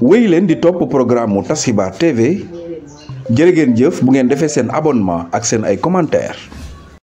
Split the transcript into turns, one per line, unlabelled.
wéy leen di topp programme mu tas TV jërë geen jëf bu ngeen defee seen abonnement ak seen ay commentaires.